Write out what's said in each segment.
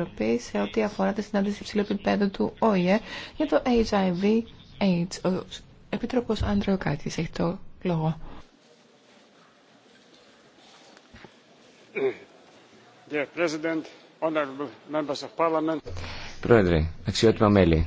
Επιτροπή σε ό,τι αφορά τη συνάντηση υψηλού επίπεδου του ΟΗΕ για το HIV AIDS. Ο Επίτροπος Κάτι έχει το λόγο. Πρόεδρε, αξιότιμα μέλη,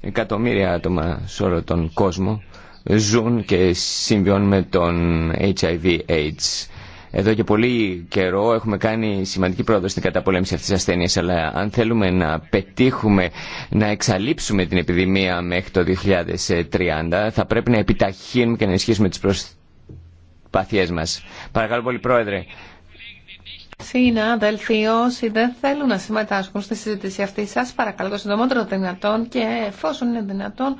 εκατομμύρια άτομα σε όλο τον κόσμο ζουν και συμβιώνουν με τον HIV AIDS εδώ και πολύ καιρό έχουμε κάνει σημαντική πρόοδο στην καταπολέμηση αυτής της ασθένειας, αλλά αν θέλουμε να πετύχουμε να εξαλείψουμε την επιδημία μέχρι το 2030, θα πρέπει να επιταχύνουμε και να ενισχύσουμε τις προσπάθειές μας. Παρακαλώ πολύ, Πρόεδρε. αδελφοί, όσοι δεν θέλουν να συμμετάσχουν στη συζήτηση αυτή, σα, παρακαλώ το συντομότερο δυνατόν και εφόσον είναι δυνατόν,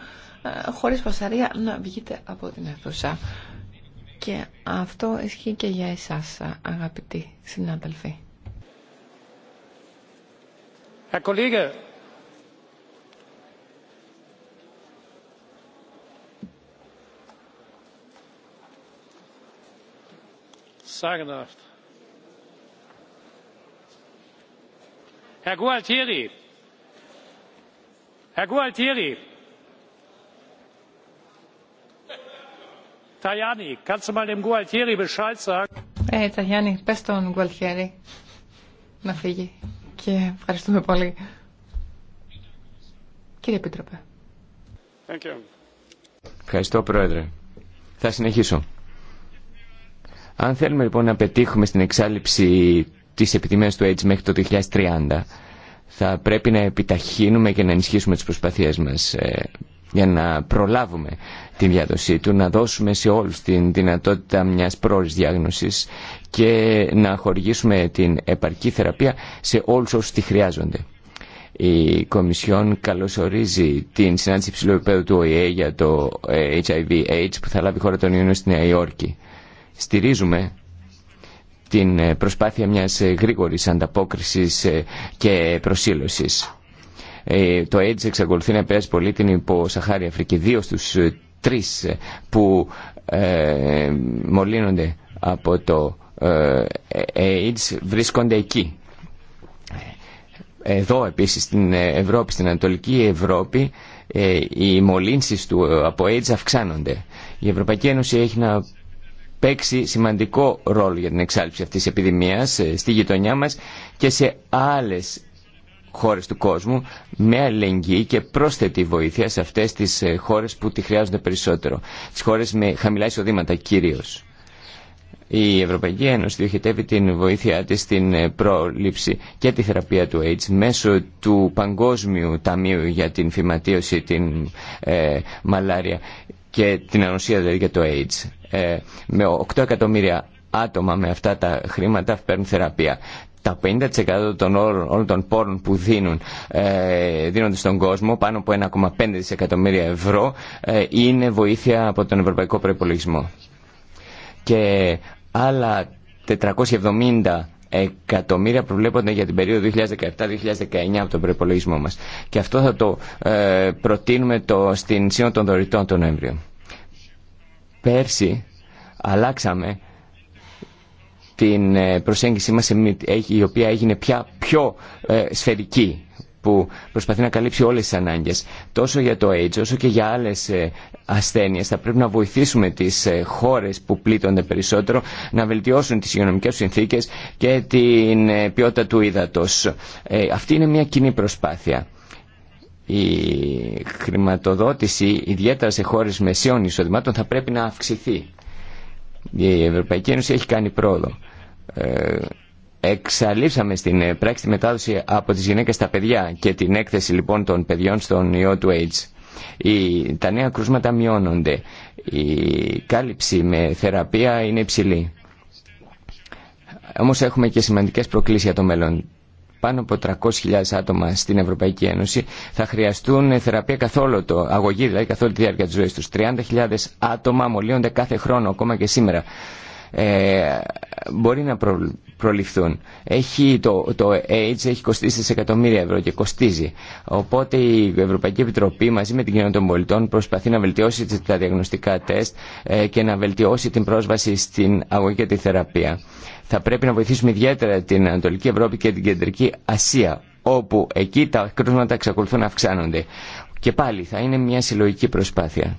ε, χωρί φασαρία, να βγείτε από την αίθουσα. Και αυτό ισχύει και για εσάς, αγαπητοί συνάδελφοι. Herr Kollege, sagenhaft. Herr Gualtieri, Herr Gualtieri, Tajani, kannst du ε, Ταγιάννη, πες τον Γκουαλτιέρη να φύγει. Και ευχαριστούμε πολύ. Κύριε Επίτροπε. Ευχαριστώ, Πρόεδρε. Θα συνεχίσω. Αν θέλουμε λοιπόν να πετύχουμε στην εξάλληψη της επιτιμίας του AIDS μέχρι το 2030, θα πρέπει να επιταχύνουμε και να ενισχύσουμε τις προσπάθειές μας. Ε, για να προλάβουμε τη διάδοσή του, να δώσουμε σε όλους την δυνατότητα μιας πρόορης διάγνωσης και να χορηγήσουμε την επαρκή θεραπεία σε όλους όσους τη χρειάζονται. Η Κομισιόν καλωσορίζει την συνάντηση υψηλού επίπεδου του ΟΗΕ για το ε, HIV-AIDS που θα λάβει χώρα τον Ιούνιο στη Νέα Υόρκη. Στηρίζουμε την προσπάθεια μιας γρήγορης ανταπόκρισης ε, και προσήλωσης ε, το AIDS εξακολουθεί να επηρεάζει πολύ την υποσαχάρη Αφρική. Δύο στους ε, τρει που ε, μολύνονται από το ε, ε, AIDS βρίσκονται εκεί. Εδώ επίσης στην Ευρώπη, στην Ανατολική Ευρώπη, ε, οι μολύνσεις του από AIDS αυξάνονται. Η Ευρωπαϊκή Ένωση έχει να παίξει σημαντικό ρόλο για την εξάλληψη αυτής της επιδημίας στη γειτονιά μας και σε άλλες χώρες του κόσμου με αλληλεγγύη και πρόσθετη βοήθεια σε αυτές τις ε, χώρες που τη χρειάζονται περισσότερο. Τις χώρες με χαμηλά εισοδήματα κυρίως. Η Ευρωπαϊκή Ένωση διοχετεύει την βοήθειά της στην ε, πρόληψη και τη θεραπεία του AIDS μέσω του Παγκόσμιου Ταμείου για την φυματίωση, την ε, μαλάρια και την ανοσία δηλαδή για το AIDS. Ε, με 8 εκατομμύρια άτομα με αυτά τα χρήματα παίρνουν θεραπεία τα 50% των όλων των πόρων που δίνουν, ε, δίνονται στον κόσμο, πάνω από 1,5 δισεκατομμύρια ευρώ, ε, είναι βοήθεια από τον Ευρωπαϊκό Προπολογισμό. Και άλλα 470 εκατομμύρια προβλέπονται για την περίοδο 2017-2019 από τον προπολογισμό μας. Και αυτό θα το ε, προτείνουμε το, στην Σύνοδο των Δωρητών τον Νοέμβριο. Πέρσι αλλάξαμε την ε, προσέγγιση μας η οποία έγινε πια πιο ε, σφαιρική που προσπαθεί να καλύψει όλες τις ανάγκες τόσο για το AIDS όσο και για άλλες ε, ασθένειες θα πρέπει να βοηθήσουμε τις χώρες που πλήττονται περισσότερο να βελτιώσουν τις υγειονομικές συνθήκες και την ποιότητα του ύδατος. Αυτή είναι μια κοινή προσπάθεια. Η χρηματοδότηση ιδιαίτερα σε χώρες μεσαίων εισοδημάτων θα πρέπει να αυξηθεί. Η Ευρωπαϊκή Ένωση έχει κάνει πρόοδο. Ε, εξαλείψαμε στην ε, πράξη τη μετάδοση από τις γυναίκες στα παιδιά και την έκθεση λοιπόν των παιδιών στον ιό του AIDS. Η, τα νέα κρούσματα μειώνονται. Η κάλυψη με θεραπεία είναι υψηλή. Όμως έχουμε και σημαντικές προκλήσεις για το μέλλον πάνω από 300.000 άτομα στην Ευρωπαϊκή Ένωση θα χρειαστούν θεραπεία καθόλου το αγωγή, δηλαδή καθόλου τη διάρκεια της ζωής τους. 30.000 άτομα μολύνονται κάθε χρόνο, ακόμα και σήμερα. Ε, μπορεί να προληφθούν. Έχει το, το AIDS έχει κοστίσει εκατομμύρια ευρώ και κοστίζει. Οπότε η Ευρωπαϊκή Επιτροπή μαζί με την κοινωνία των πολιτών προσπαθεί να βελτιώσει τα διαγνωστικά τεστ ε, και να βελτιώσει την πρόσβαση στην αγωγή και τη θεραπεία. Θα πρέπει να βοηθήσουμε ιδιαίτερα την Ανατολική Ευρώπη και την Κεντρική Ασία, όπου εκεί τα κρούσματα εξακολουθούν να αυξάνονται. Και πάλι θα είναι μια συλλογική προσπάθεια.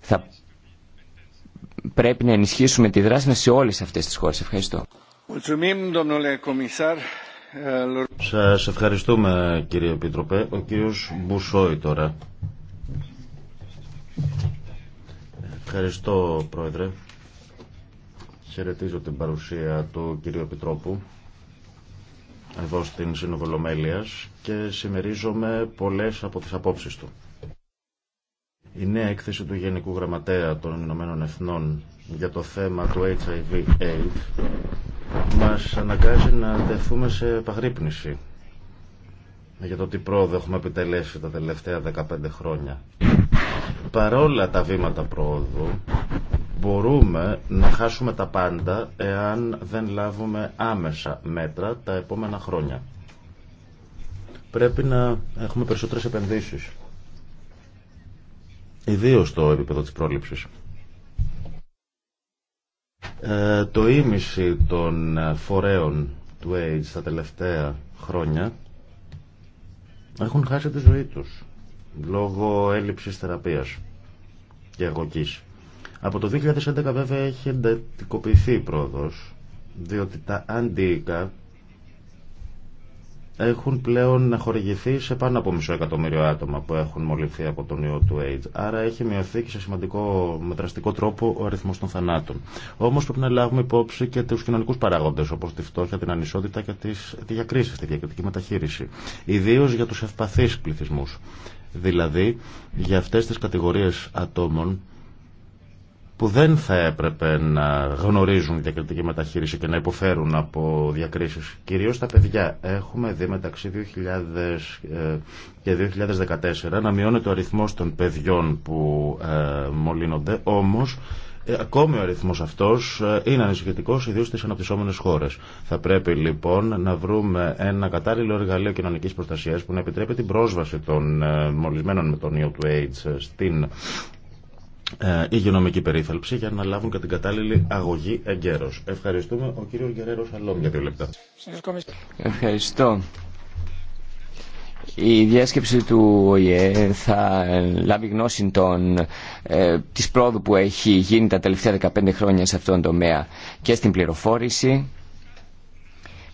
Θα πρέπει να ενισχύσουμε τη δράση μας σε όλες αυτές τις χώρες. Ευχαριστώ. Σας ευχαριστούμε κύριε Επίτροπε. Ο κύριος Μπουσόη τώρα. Ευχαριστώ πρόεδρε. Χαιρετίζω την παρουσία του κυρίου Επιτρόπου εδώ στην σύνοβολομέλεια και συμμερίζομαι πολλές από τις απόψεις του. Η νέα έκθεση του Γενικού Γραμματέα των Ηνωμένων Εθνών για το θέμα του HIV-AIDS μας αναγκάζει να τεθούμε σε επαγρύπνηση για το τι πρόοδο έχουμε επιτελέσει τα τελευταία 15 χρόνια. Παρόλα τα βήματα πρόοδου, μπορούμε να χάσουμε τα πάντα εάν δεν λάβουμε άμεσα μέτρα τα επόμενα χρόνια. Πρέπει να έχουμε περισσότερες επενδύσεις. Ιδίως στο επίπεδο της πρόληψης. Ε, το ίμιση των φορέων του AIDS τα τελευταία χρόνια έχουν χάσει τη ζωή τους λόγω έλλειψης θεραπείας και αγωγής. Από το 2011 βέβαια έχει εντατικοποιηθεί η πρόοδος, διότι τα αντίοικα έχουν πλέον χορηγηθεί σε πάνω από μισό εκατομμύριο άτομα που έχουν μολυνθεί από τον ιό του AIDS. Άρα έχει μειωθεί και σε σημαντικό μετραστικό τρόπο ο αριθμό των θανάτων. Όμω πρέπει να λάβουμε υπόψη και του κοινωνικού παράγοντε όπω τη φτώχεια, την ανισότητα και τις, τη διακρίση, τη διακριτική μεταχείριση. Ιδίω για του ευπαθεί πληθυσμού. Δηλαδή για αυτέ τι κατηγορίε ατόμων που δεν θα έπρεπε να γνωρίζουν διακριτική μεταχείριση και να υποφέρουν από διακρίσεις. Κυρίως τα παιδιά. Έχουμε δει μεταξύ 2000 ε, και 2014 να μειώνεται ο αριθμός των παιδιών που ε, μολύνονται, όμως ε, ακόμη ο αριθμός αυτός είναι ανησυχητικός ιδίως στις αναπτυσσόμενες χώρες. Θα πρέπει λοιπόν να βρούμε ένα κατάλληλο εργαλείο κοινωνικής προστασίας που να επιτρέπει την πρόσβαση των μολυσμένων με τον ιό του AIDS στην ε, υγειονομική περίθαλψη για να λάβουν και την κατάλληλη αγωγή εγκαίρως. Ευχαριστούμε ο κύριος Γερέρος Αλόμ για δύο λεπτά. Ευχαριστώ. Η διάσκεψη του ΟΗΕ θα λάβει γνώση των, ε, της πρόοδου που έχει γίνει τα τελευταία 15 χρόνια σε αυτόν τον τομέα και στην πληροφόρηση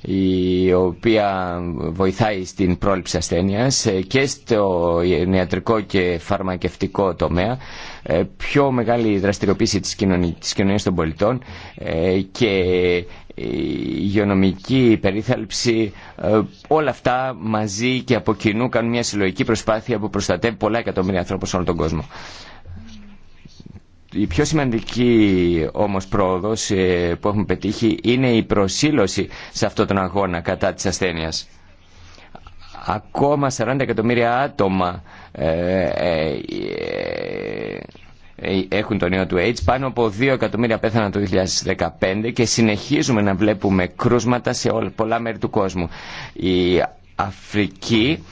η οποία βοηθάει στην πρόληψη ασθένειας ε, και στο ιατρικό και φαρμακευτικό τομέα ε, πιο μεγάλη δραστηριοποίηση της, κοινωνίας, των πολιτών ε, και υγειονομική περίθαλψη όλα αυτά μαζί και από κοινού κάνουν μια συλλογική προσπάθεια που προστατεύει πολλά εκατομμύρια ανθρώπου σε όλο τον κόσμο. Η πιο σημαντική όμως πρόοδος ε, που έχουμε πετύχει είναι η προσήλωση σε αυτόν τον αγώνα κατά της ασθένειας. Ακόμα 40 εκατομμύρια άτομα ε, ε, έχουν τον ιό του AIDS, πάνω από 2 εκατομμύρια πέθαναν το 2015 και συνεχίζουμε να βλέπουμε κρούσματα σε όλα, πολλά μέρη του κόσμου. Η Αφρική,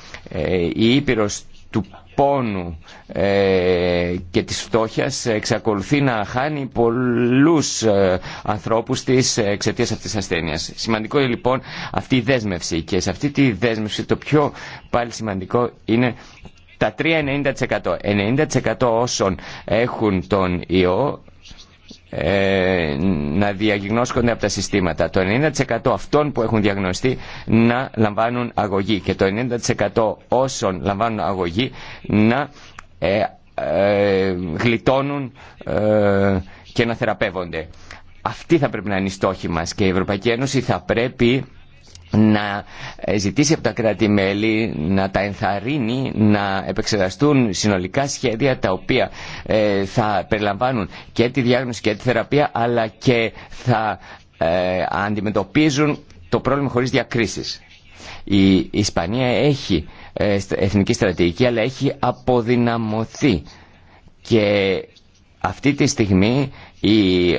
η Ήπειρος του πόνου ε, και της φτώχειας εξακολουθεί να χάνει πολλούς ε, ανθρώπους της ε, εξαιτίας αυτής της ασθένειας. Σημαντικό είναι λοιπόν αυτή η δέσμευση και σε αυτή τη δέσμευση το πιο πάλι σημαντικό είναι τα 3-90%. 90% όσων έχουν τον ιό ε, να διαγνώσκονται από τα συστήματα. Το 90% αυτών που έχουν διαγνωστεί να λαμβάνουν αγωγή και το 90% όσων λαμβάνουν αγωγή να ε, ε, γλιτώνουν ε, και να θεραπεύονται. Αυτή θα πρέπει να είναι η στόχη μας και η Ευρωπαϊκή Ένωση θα πρέπει να ζητήσει από τα κράτη-μέλη να τα ενθαρρύνει να επεξεργαστούν συνολικά σχέδια τα οποία ε, θα περιλαμβάνουν και τη διάγνωση και τη θεραπεία αλλά και θα ε, αντιμετωπίζουν το πρόβλημα χωρίς διακρίσεις. Η Ισπανία έχει ε, εθνική στρατηγική αλλά έχει αποδυναμωθεί και αυτή τη στιγμή η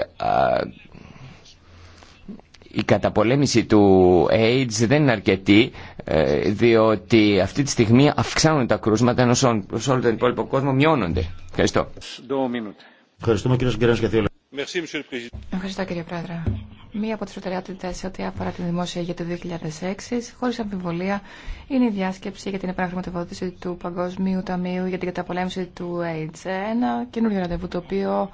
η καταπολέμηση του AIDS δεν είναι αρκετή ε, διότι αυτή τη στιγμή αυξάνουν τα κρούσματα ενώ σε όλο τον υπόλοιπο κόσμο μειώνονται. Ευχαριστώ. Ευχαριστούμε κύριε Συγκεράνης για Ευχαριστώ κύριε Πρόεδρε. Μία από τις προτεραιότητες σε ό,τι αφορά την δημόσια για το 2006, χωρίς αμφιβολία, είναι η διάσκεψη για την επαναχρηματοδότηση του Παγκοσμίου Ταμείου για την καταπολέμηση του AIDS. Ένα καινούριο ραντεβού το οποίο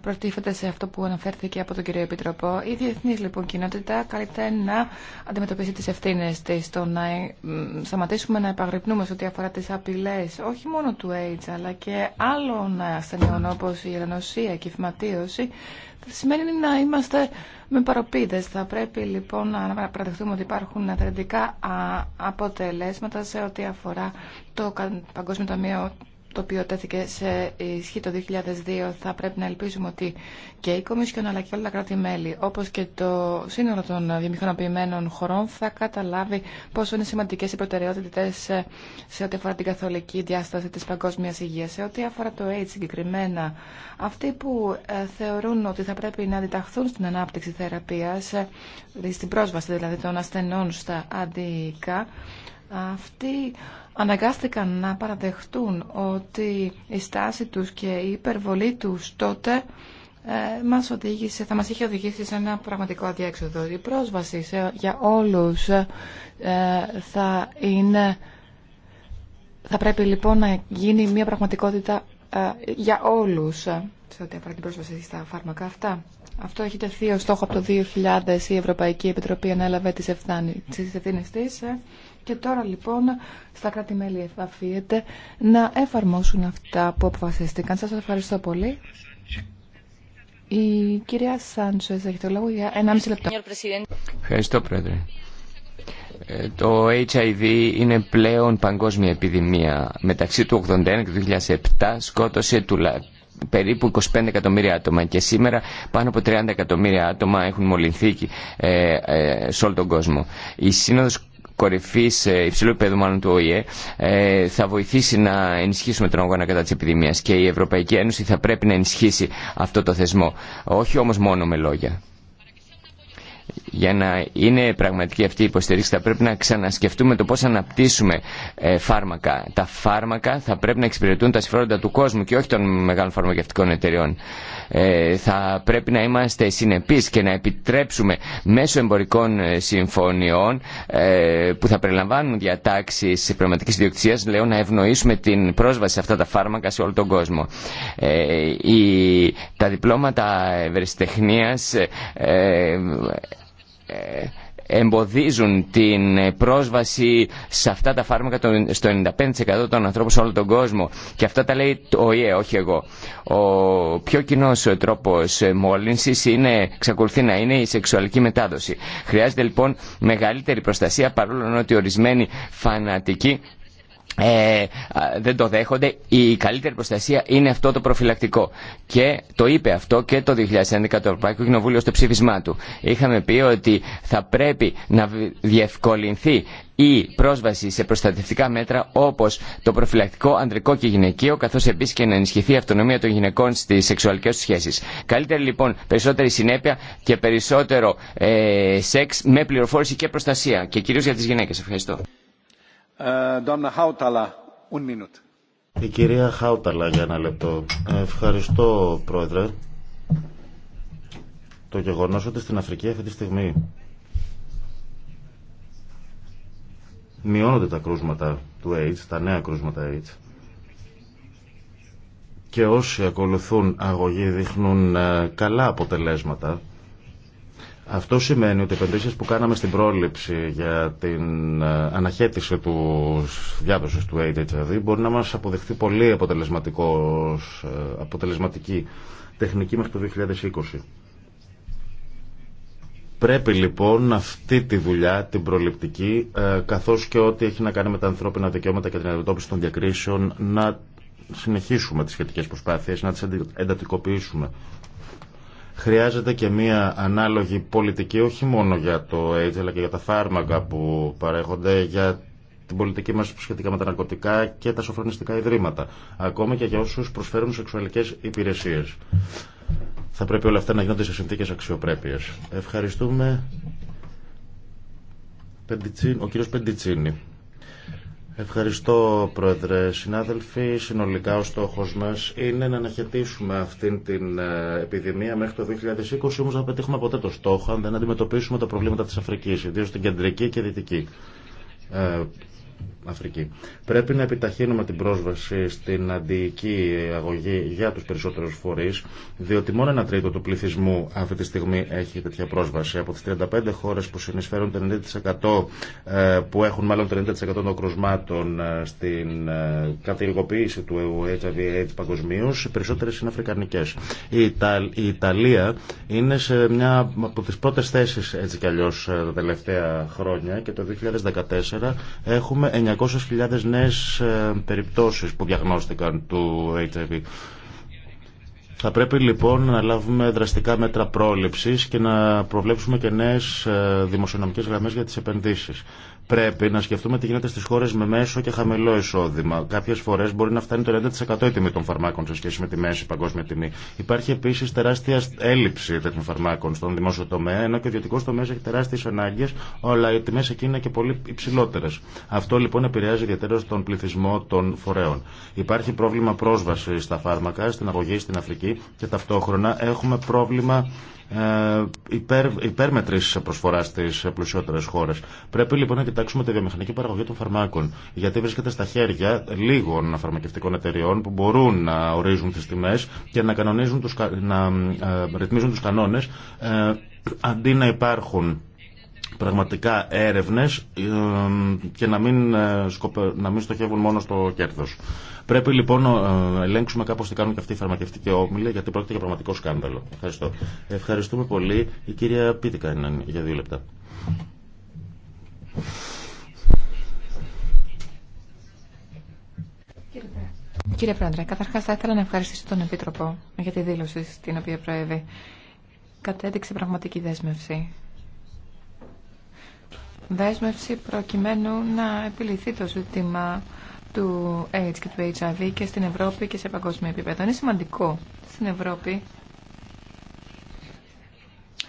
προτίθεται σε αυτό που αναφέρθηκε από τον κύριο Επιτροπό. Η διεθνή λοιπόν κοινότητα καλείται να αντιμετωπίσει τι ευθύνε τη, το να ε, σταματήσουμε να επαγρυπνούμε σε ό,τι αφορά τι απειλέ όχι μόνο του AIDS αλλά και άλλων ασθενειών όπω η ελανοσία και η φυματίωση. Θα σημαίνει να είμαστε με παροπίδες. Θα πρέπει λοιπόν να παραδεχτούμε ότι υπάρχουν θετικά αποτελέσματα σε ό,τι αφορά το Παγκόσμιο Ταμείο το οποίο τέθηκε σε ισχύ το 2002 θα πρέπει να ελπίζουμε ότι και η Κομισιόν αλλά και όλα τα κράτη-μέλη Όπω και το σύνολο των βιομηχανοποιημένων χωρών θα καταλάβει πόσο είναι σημαντικέ οι προτεραιότητε σε ό,τι αφορά την καθολική διάσταση τη παγκόσμια υγεία, Σε ό,τι αφορά το AIDS συγκεκριμένα, αυτοί που ε, θεωρούν ότι θα πρέπει να αντιταχθούν στην ανάπτυξη θεραπείας, ε, στην πρόσβαση δηλαδή των ασθενών στα αντιϊκά, αυτοί αναγκάστηκαν να παραδεχτούν ότι η στάση τους και η υπερβολή τους τότε ε, μας οδήγησε, θα μας είχε οδηγήσει σε ένα πραγματικό αδιέξοδο. Η πρόσβαση σε, για όλους ε, θα είναι... Θα πρέπει λοιπόν να γίνει μια πραγματικότητα ε, για όλους σε ό,τι αφορά την πρόσβαση στα φάρμακα αυτά. Αυτό έχει τεθεί ως στόχο από το 2000. Η Ευρωπαϊκή Επιτροπή ανέλαβε τις ευθύνες της και τώρα λοιπόν στα κράτη-μέλη αφιέται να εφαρμόσουν αυτά που αποφασίστηκαν. Σας ευχαριστώ πολύ. Η κυρία Σάντσο έχει το λόγο για 1,5 λεπτό. Ευχαριστώ πρόεδρε. Ε, το HIV είναι πλέον παγκόσμια επιδημία. Μεταξύ του 1981 και του 2007 σκότωσε τουλάχιστον περίπου 25 εκατομμύρια άτομα και σήμερα πάνω από 30 εκατομμύρια άτομα έχουν μολυνθεί ε, ε, σε όλο τον κόσμο. Η Σύνοδος κορυφής, ε, υψηλού επίπεδου μάλλον του ΟΗΕ, ε, θα βοηθήσει να ενισχύσουμε τον αγώνα κατά της επιδημίας και η Ευρωπαϊκή Ένωση θα πρέπει να ενισχύσει αυτό το θεσμό. Όχι όμως μόνο με λόγια για να είναι πραγματική αυτή η υποστηρίξη θα πρέπει να ξανασκεφτούμε το πώς αναπτύσσουμε ε, φάρμακα. Τα φάρμακα θα πρέπει να εξυπηρετούν τα συμφέροντα του κόσμου και όχι των μεγάλων φαρμακευτικών εταιριών. Ε, θα πρέπει να είμαστε συνεπείς και να επιτρέψουμε μέσω εμπορικών ε, συμφωνιών που θα περιλαμβάνουν διατάξεις πνευματικής ιδιοκτησίας λέω να ευνοήσουμε την πρόσβαση σε αυτά τα φάρμακα σε όλο τον κόσμο. τα διπλώματα ευρεσιτεχνίας εμποδίζουν την πρόσβαση σε αυτά τα φάρμακα στο 95% των ανθρώπων σε όλο τον κόσμο. Και αυτά τα λέει ο ΙΕ, όχι εγώ. Ο πιο κοινό τρόπο μόλυνση είναι, εξακολουθεί να είναι η σεξουαλική μετάδοση. Χρειάζεται λοιπόν μεγαλύτερη προστασία παρόλο ότι ορισμένοι φανατικοί ε, δεν το δέχονται. Η καλύτερη προστασία είναι αυτό το προφυλακτικό. Και το είπε αυτό και το 2011 το Ευρωπαϊκό Κοινοβούλιο στο ψήφισμά του. Είχαμε πει ότι θα πρέπει να διευκολυνθεί η πρόσβαση σε προστατευτικά μέτρα όπω το προφυλακτικό ανδρικό και γυναικείο, καθώ επίση και να ενισχυθεί η αυτονομία των γυναικών στι σεξουαλικέ του σχέσει. Καλύτερη λοιπόν περισσότερη συνέπεια και περισσότερο ε, σεξ με πληροφόρηση και προστασία. Και κυρίω για τι γυναίκε. Ευχαριστώ. Ε, Η κυρία Χάουταλα για ένα λεπτό. Ευχαριστώ πρόεδρε. Το γεγονός ότι στην Αφρική αυτή τη στιγμή μειώνονται τα κρούσματα του AIDS, τα νέα κρούσματα AIDS και όσοι ακολουθούν αγωγή δείχνουν ε, καλά αποτελέσματα αυτό σημαίνει ότι οι επενδύσει που κάναμε στην πρόληψη για την ε, αναχέτηση του διάδοση του HIV μπορεί να μας αποδεχθεί πολύ ε, αποτελεσματική τεχνική μέχρι το 2020. Πρέπει λοιπόν αυτή τη δουλειά, την προληπτική, ε, καθώς και ό,τι έχει να κάνει με τα ανθρώπινα δικαιώματα και την αντιμετώπιση των διακρίσεων, να συνεχίσουμε τις σχετικές προσπάθειες, να τις εντατικοποιήσουμε. Χρειάζεται και μία ανάλογη πολιτική όχι μόνο για το AIDS αλλά και για τα φάρμακα που παρέχονται, για την πολιτική μας σχετικά με τα ναρκωτικά και τα σοφρονιστικά ιδρύματα. Ακόμα και για όσους προσφέρουν σεξουαλικές υπηρεσίες. Θα πρέπει όλα αυτά να γίνονται σε συνθήκες αξιοπρέπειας. Ευχαριστούμε ο κύριος Πεντιτσίνη. Ευχαριστώ, Πρόεδρε. Συνάδελφοι, συνολικά ο στόχο μας είναι να αναχαιτήσουμε αυτήν την ε, επιδημία μέχρι το 2020, όμως να πετύχουμε ποτέ το στόχο αν δεν αντιμετωπίσουμε τα προβλήματα της Αφρική, ιδίω στην κεντρική και δυτική ε, Αφρική. Πρέπει να επιταχύνουμε την πρόσβαση στην αντιοική αγωγή για τους περισσότερους φορείς, διότι μόνο ένα τρίτο του πληθυσμού αυτή τη στιγμή έχει τέτοια πρόσβαση. Από τις 35 χώρες που συνεισφέρουν 90% ε, που έχουν μάλλον 90% των κρουσμάτων ε, στην ε, κατηργοποίηση του HIV AIDS παγκοσμίω, οι περισσότερες είναι αφρικανικές. Η, η Ιταλία είναι σε μια από τις πρώτες θέσεις έτσι κι αλλιώς τα τελευταία χρόνια και το 2014 έχουμε 900.000 νέες ε, περιπτώσεις που διαγνώστηκαν του HIV. Θα πρέπει λοιπόν να λάβουμε δραστικά μέτρα πρόληψης και να προβλέψουμε και νέες ε, δημοσιονομικές γραμμές για τις επενδύσεις. Πρέπει να σκεφτούμε τι γίνεται στι χώρε με μέσο και χαμηλό εισόδημα. Κάποιε φορέ μπορεί να φτάνει το 90% η τιμή των φαρμάκων σε σχέση με τη μέση παγκόσμια τιμή. Υπάρχει επίση τεράστια έλλειψη τέτοιων φαρμάκων στον δημόσιο τομέα, ενώ και ο ιδιωτικό τομέα έχει τεράστιε ανάγκε, αλλά οι τιμέ εκεί είναι και πολύ υψηλότερε. Αυτό λοιπόν επηρεάζει ιδιαίτερα τον πληθυσμό των φορέων. Υπάρχει πρόβλημα πρόσβαση στα φάρμακα, στην αγωγή στην Αφρική και ταυτόχρονα έχουμε πρόβλημα ε, υπέρ, υπέρμετρη προσφορά στι πλουσιότερε χώρε. Πρέπει λοιπόν να κοιτάξουμε τη βιομηχανική παραγωγή των φαρμάκων, γιατί βρίσκεται στα χέρια λίγων φαρμακευτικών εταιριών που μπορούν να ορίζουν τι τιμέ και να, κανονίζουν τους, να ε, ρυθμίζουν του κανόνε ε, αντί να υπάρχουν πραγματικά έρευνες και να μην, να μην στοχεύουν μόνο στο κέρδος. Πρέπει λοιπόν να ε, ελέγξουμε κάπω τι κάνουν και αυτοί οι φαρμακευτικοί όμιλοι, γιατί πρόκειται για πραγματικό σκάνδαλο. Ευχαριστώ. Ευχαριστούμε πολύ. Η κυρία Πίτικα είναι για δύο λεπτά. Κύριε Πρόεδρε, καταρχάς θα ήθελα να ευχαριστήσω τον Επίτροπο για τη δήλωση στην οποία προέβη. Κατέδειξε πραγματική δέσμευση. Δέσμευση προκειμένου να επιληθεί το ζήτημα του AIDS και του HIV και στην Ευρώπη και σε παγκόσμιο επίπεδο. Είναι σημαντικό στην Ευρώπη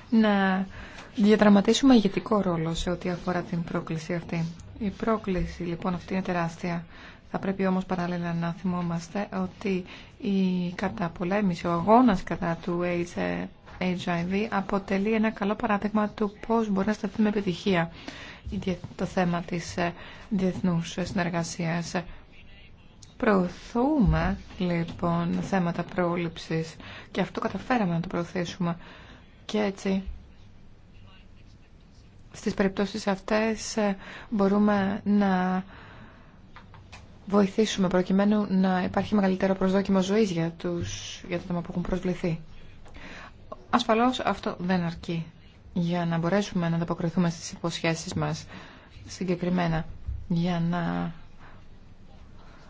να διαδραματίσουμε ηγετικό ρόλο σε ό,τι αφορά την πρόκληση αυτή. Η πρόκληση λοιπόν αυτή είναι τεράστια. Θα πρέπει όμως παράλληλα να θυμόμαστε ότι η καταπολέμηση, ο αγώνας κατά του AIDS, ε, HIV αποτελεί ένα καλό παράδειγμα του πώς μπορεί να σταθεί με επιτυχία το θέμα της ε, διεθνούς συνεργασίας. Προωθούμε λοιπόν θέματα πρόληψης και αυτό καταφέραμε να το προωθήσουμε και έτσι στις περιπτώσεις αυτές ε, μπορούμε να βοηθήσουμε προκειμένου να υπάρχει μεγαλύτερο προσδόκιμο ζωής για, τους, για το θέμα που έχουν προσβληθεί. Ασφαλώς αυτό δεν αρκεί για να μπορέσουμε να ανταποκριθούμε στις υποσχέσεις μας συγκεκριμένα για να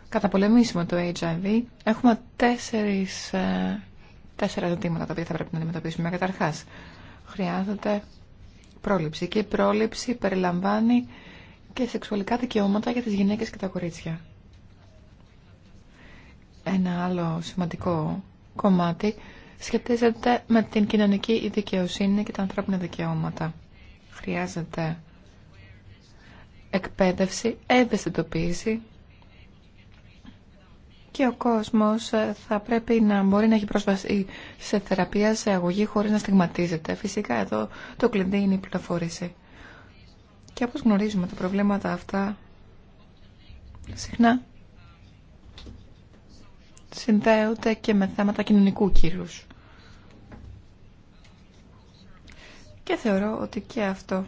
καταπολεμήσουμε το HIV έχουμε τέσσερις, ε, τέσσερα ζητήματα τα οποία θα πρέπει να αντιμετωπίσουμε. Καταρχάς, χρειάζεται πρόληψη και η πρόληψη περιλαμβάνει και σεξουαλικά δικαιώματα για τις γυναίκες και τα κορίτσια. Ένα άλλο σημαντικό κομμάτι σχετίζεται με την κοινωνική δικαιοσύνη και τα ανθρώπινα δικαιώματα. Χρειάζεται εκπαίδευση, ευαισθητοποίηση και ο κόσμος ε, θα πρέπει να μπορεί να έχει πρόσβαση σε θεραπεία, σε αγωγή χωρίς να στιγματίζεται. Φυσικά εδώ το κλειδί είναι η πληροφόρηση. Και όπως γνωρίζουμε τα προβλήματα αυτά συχνά συνδέονται και με θέματα κοινωνικού κύρους. Και θεωρώ ότι και αυτό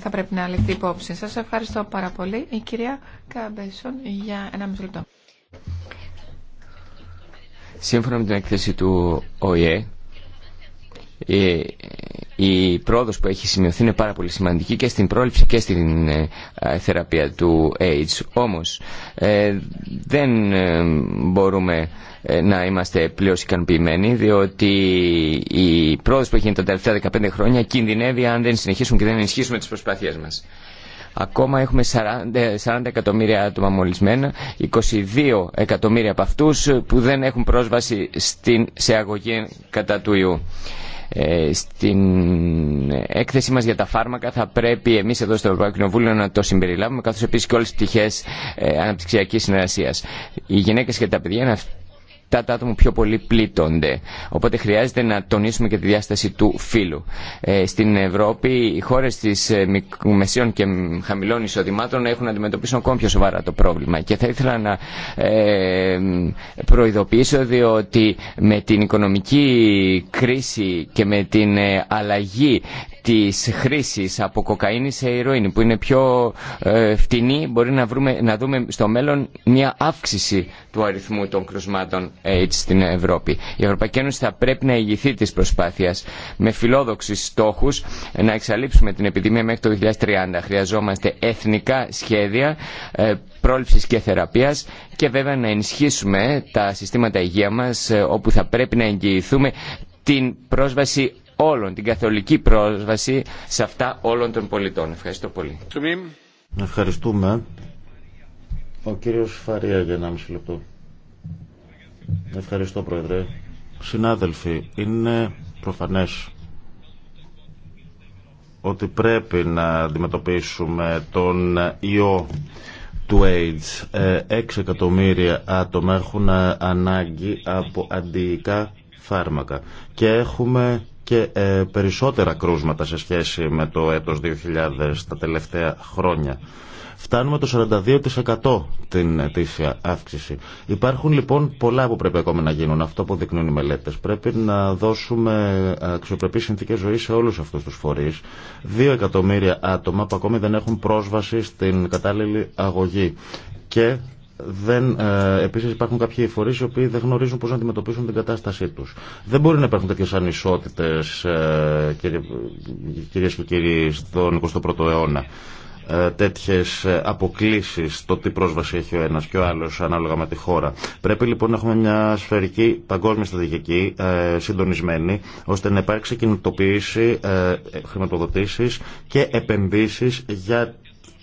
θα πρέπει να ληφθεί υπόψη. Σας ευχαριστώ πάρα πολύ. Η κυρία Καμπέσον για ένα μισό λεπτό. Σύμφωνα με την έκθεση του ΟΗΕ, η πρόοδος που έχει σημειωθεί είναι πάρα πολύ σημαντική και στην πρόληψη και στην ε, ε, θεραπεία του AIDS. Όμως ε, δεν μπορούμε να είμαστε πλέον ικανοποιημένοι διότι η πρόοδος που έχει γίνει τα τελευταία 15 χρόνια κινδυνεύει αν δεν συνεχίσουμε και δεν ενισχύσουμε τις προσπάθειές μας. Ακόμα έχουμε 40, εκατομμύρια άτομα μολυσμένα, 22 εκατομμύρια από αυτούς που δεν έχουν πρόσβαση στην, σε αγωγή κατά του ιού. Ε, στην έκθεση μας για τα φάρμακα θα πρέπει εμείς εδώ στο Ευρωπαϊκό Κοινοβούλιο να το συμπεριλάβουμε καθώς επίσης και όλες τις πτυχές ε, αναπτυξιακής συνεργασίας. Οι γυναίκες και τα παιδιά είναι αυτά τα άτομα πιο πολύ πλήττονται. Οπότε χρειάζεται να τονίσουμε και τη διάσταση του φύλου. Ε, στην Ευρώπη οι χώρες της ε, μεσαίων και χαμηλών εισοδημάτων έχουν αντιμετωπίσει ακόμα ακόμη πιο σοβαρά το πρόβλημα. Και θα ήθελα να ε, προειδοποιήσω διότι με την οικονομική κρίση και με την αλλαγή της χρήσης από κοκαίνη σε ηρωίνη που είναι πιο ε, φτηνή μπορεί να, δούμε στο μέλλον μια αύξηση του αριθμού των κρουσμάτων AIDS ε, στην Ευρώπη. Η Ευρωπαϊκή Ένωση θα πρέπει να ηγηθεί της προσπάθειας με φιλόδοξου στόχους να εξαλείψουμε την επιδημία μέχρι το 2030. Χρειαζόμαστε εθνικά σχέδια ε, πρόληψης και θεραπείας και βέβαια να ενισχύσουμε τα συστήματα υγεία μας όπου θα πρέπει να εγγυηθούμε την πρόσβαση όλων, την καθολική πρόσβαση σε αυτά όλων των πολιτών. Ευχαριστώ πολύ. Ευχαριστούμε. Ο κύριος Φαρία για 1,5 λεπτό. Ευχαριστώ Πρόεδρε. Συνάδελφοι, είναι προφανές ότι πρέπει να αντιμετωπίσουμε τον ιό του AIDS. 6 ε, εκατομμύρια άτομα έχουν ανάγκη από αντιϊκά φάρμακα και έχουμε και ε, περισσότερα κρούσματα σε σχέση με το έτος 2000 τα τελευταία χρόνια. Φτάνουμε το 42% την ετήσια αύξηση. Υπάρχουν λοιπόν πολλά που πρέπει ακόμα να γίνουν. Αυτό που δεικνύουν οι μελέτε. Πρέπει να δώσουμε αξιοπρεπή συνθήκε ζωή σε όλου αυτού του φορεί. Δύο εκατομμύρια άτομα που ακόμη δεν έχουν πρόσβαση στην κατάλληλη αγωγή. Και δεν, ε, επίσης υπάρχουν κάποιοι φορείς οι οποίοι δεν γνωρίζουν πώς να αντιμετωπίσουν την κατάστασή τους. Δεν μπορεί να υπάρχουν τέτοιες ανισότητες, ε, κύριε, κυρίες και κύριοι, στον 21ο αιώνα. Ε, τέτοιες ε, αποκλήσεις, το τι πρόσβαση έχει ο ένας και ο άλλος ανάλογα με τη χώρα. Πρέπει λοιπόν να έχουμε μια σφαιρική παγκόσμια στρατηγική ε, συντονισμένη, ώστε να υπάρξει κινητοποίηση, ε, χρηματοδοτήσεις και επενδύσεις για